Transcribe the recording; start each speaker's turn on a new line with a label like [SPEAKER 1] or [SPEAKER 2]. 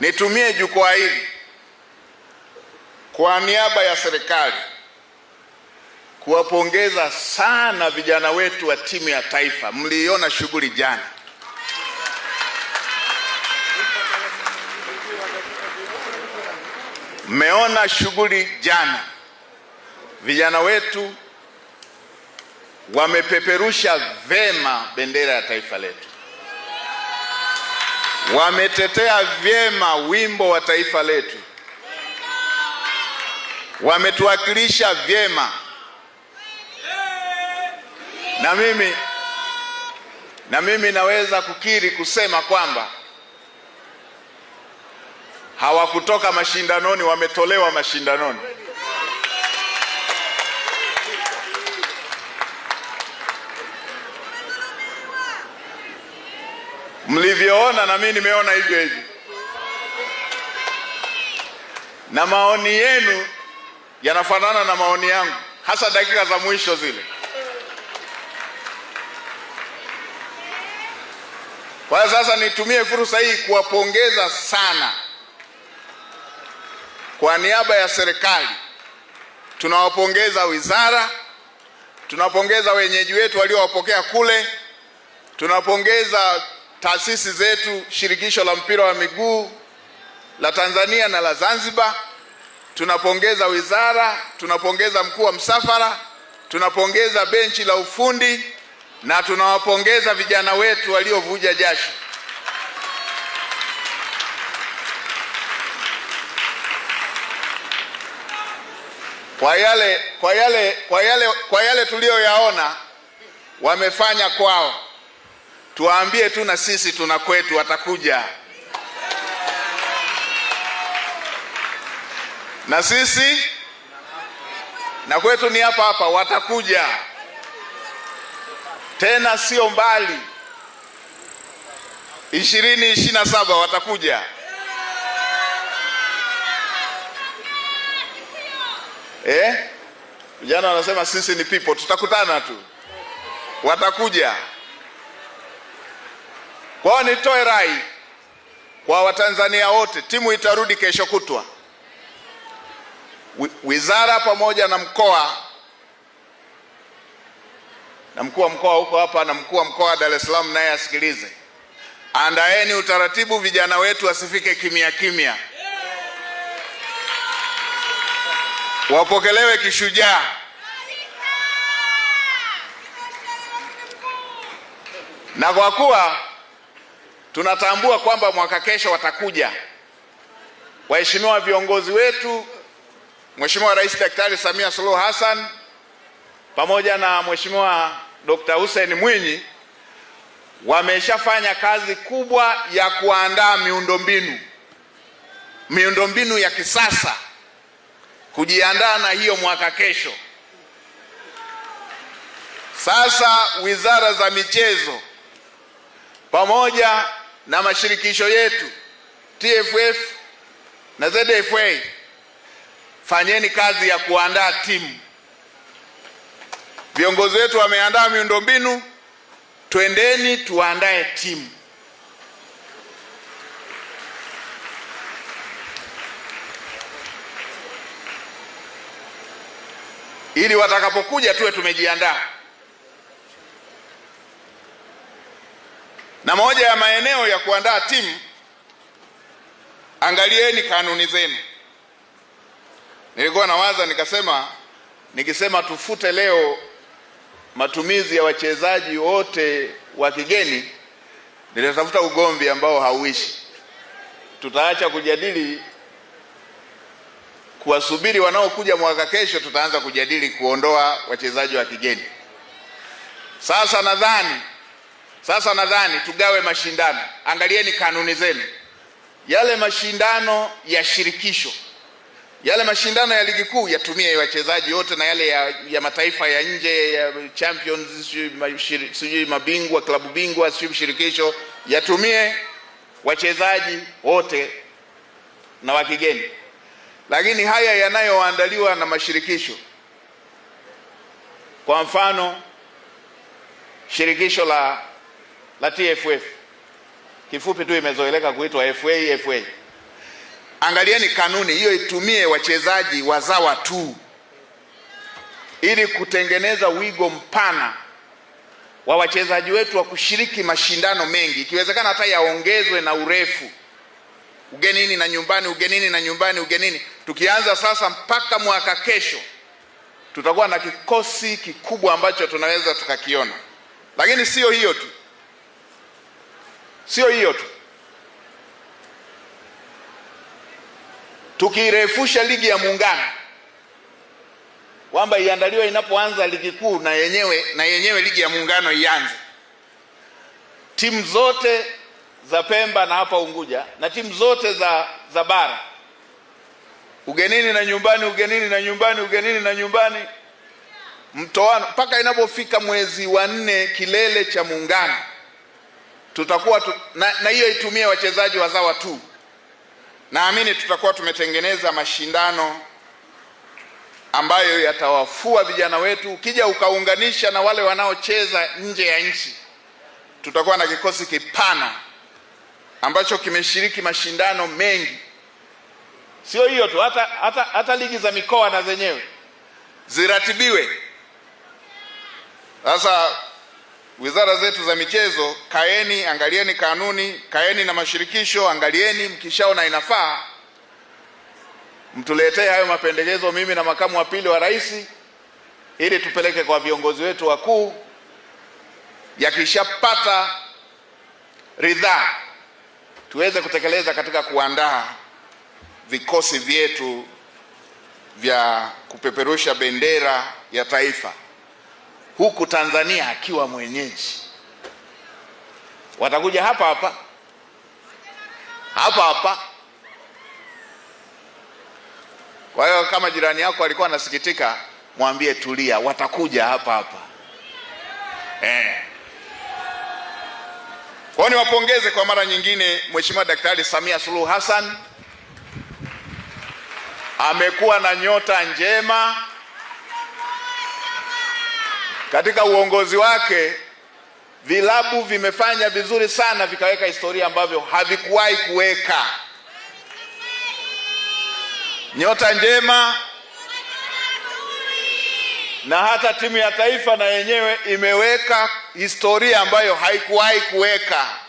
[SPEAKER 1] Nitumie jukwaa hili kwa niaba ya serikali kuwapongeza sana vijana wetu wa timu ya taifa. Mliiona shughuli jana, mmeona shughuli jana. Vijana wetu wamepeperusha vema bendera ya taifa letu wametetea vyema wimbo wa taifa letu, wametuwakilisha vyema. Na mimi, na mimi naweza kukiri kusema kwamba hawakutoka mashindanoni, wametolewa mashindanoni. mlivyoona na mimi nimeona hivyo hivyo, na maoni yenu yanafanana na maoni yangu, hasa dakika za mwisho zile. Kwa hiyo sasa nitumie fursa hii kuwapongeza sana kwa niaba ya serikali. Tunawapongeza wizara, tunawapongeza wenyeji wetu waliowapokea kule, tunawapongeza taasisi zetu, shirikisho la mpira wa miguu la Tanzania na la Zanzibar, tunapongeza wizara, tunapongeza mkuu wa msafara, tunapongeza benchi la ufundi na tunawapongeza vijana wetu waliovuja jasho. Kwa yale, kwa yale, kwa yale, kwa yale tuliyoyaona wamefanya kwao tuwaambie tu na sisi tuna kwetu, watakuja na sisi na kwetu ni hapa hapa, watakuja tena, sio mbali, ishirini ishirini na saba watakuja. Eh, vijana wanasema sisi ni people, tutakutana tu, watakuja. Kwa hiyo nitoe rai kwa Watanzania wote, timu itarudi kesho kutwa. Wizara pamoja na mkoa na mkuu wa mkoa huko hapa na mkuu wa mkoa wa Dar es Salaam naye asikilize, andaeni utaratibu, vijana wetu wasifike kimya kimya, wapokelewe kishujaa. Na kwa kuwa Tunatambua kwamba mwaka kesho watakuja waheshimiwa viongozi wetu, Mheshimiwa Rais Daktari Samia Suluhu Hassan pamoja na Mheshimiwa Dr. Hussein Mwinyi wameshafanya kazi kubwa ya kuandaa miundombinu miundombinu ya kisasa kujiandaa na hiyo mwaka kesho. Sasa wizara za michezo pamoja na mashirikisho yetu TFF na ZFA, fanyeni kazi ya kuandaa timu. Viongozi wetu wameandaa miundombinu, twendeni tuandae timu. ili watakapokuja tuwe tumejiandaa. Na moja ya maeneo ya kuandaa timu, angalieni kanuni zenu. Nilikuwa nawaza nikasema, nikisema tufute leo matumizi ya wachezaji wote wa kigeni, nitatafuta ugomvi ambao hauishi. Tutaacha kujadili kuwasubiri wanaokuja mwaka kesho, tutaanza kujadili kuondoa wachezaji wa kigeni. Sasa nadhani sasa nadhani tugawe mashindano, angalieni kanuni zenu. Yale mashindano ya shirikisho, yale mashindano ya ligi kuu yatumie wachezaji wote, na yale ya, ya mataifa ya nje ya champions, sijui mabingwa, klabu bingwa, sijui shirikisho, yatumie wachezaji wote na wa kigeni. Lakini haya yanayoandaliwa na mashirikisho, kwa mfano shirikisho la la TFF, kifupi tu imezoeleka kuitwa FA FA. Angalieni kanuni hiyo, itumie wachezaji wazawa tu, ili kutengeneza wigo mpana wa wachezaji wetu wa kushiriki mashindano mengi, ikiwezekana hata yaongezwe na urefu, ugenini na nyumbani, ugenini na nyumbani, ugenini. Tukianza sasa mpaka mwaka kesho, tutakuwa na kikosi kikubwa ambacho tunaweza tukakiona, lakini sio hiyo tu. Sio hiyo tu, tukirefusha ligi ya muungano kwamba iandaliwe inapoanza ligi kuu na yenyewe, na yenyewe ligi ya muungano ianze, timu zote za Pemba na hapa Unguja na timu zote za, za bara ugenini na nyumbani, ugenini na nyumbani, ugenini na nyumbani, mtoano mpaka inapofika mwezi wa nne kilele cha muungano tutakuwa tu, na hiyo itumie wachezaji wazawa tu. Naamini tutakuwa tumetengeneza mashindano ambayo yatawafua vijana wetu. Ukija ukaunganisha na wale wanaocheza nje ya nchi, tutakuwa na kikosi kipana ambacho kimeshiriki mashindano mengi. Sio hiyo tu, hata, hata, hata ligi za mikoa na zenyewe ziratibiwe sasa wizara zetu za michezo, kaeni angalieni kanuni, kaeni na mashirikisho angalieni, mkishaona inafaa mtuletee hayo mapendekezo, mimi na makamu wa pili wa rais, ili tupeleke kwa viongozi wetu wakuu. Yakishapata ridhaa, tuweze kutekeleza katika kuandaa vikosi vyetu vya kupeperusha bendera ya taifa huku Tanzania akiwa mwenyeji, watakuja hapa hapa hapa hapa. Kwa hiyo kama jirani yako alikuwa anasikitika, mwambie tulia, watakuja hapa hapa eh. Kwa niwapongeze kwa mara nyingine, Mheshimiwa Daktari Samia Suluhu Hassan amekuwa na nyota njema katika uongozi wake vilabu vimefanya vizuri sana, vikaweka historia ambavyo havikuwahi kuweka. Nyota Njema na hata timu ya taifa na yenyewe imeweka historia ambayo haikuwahi kuweka.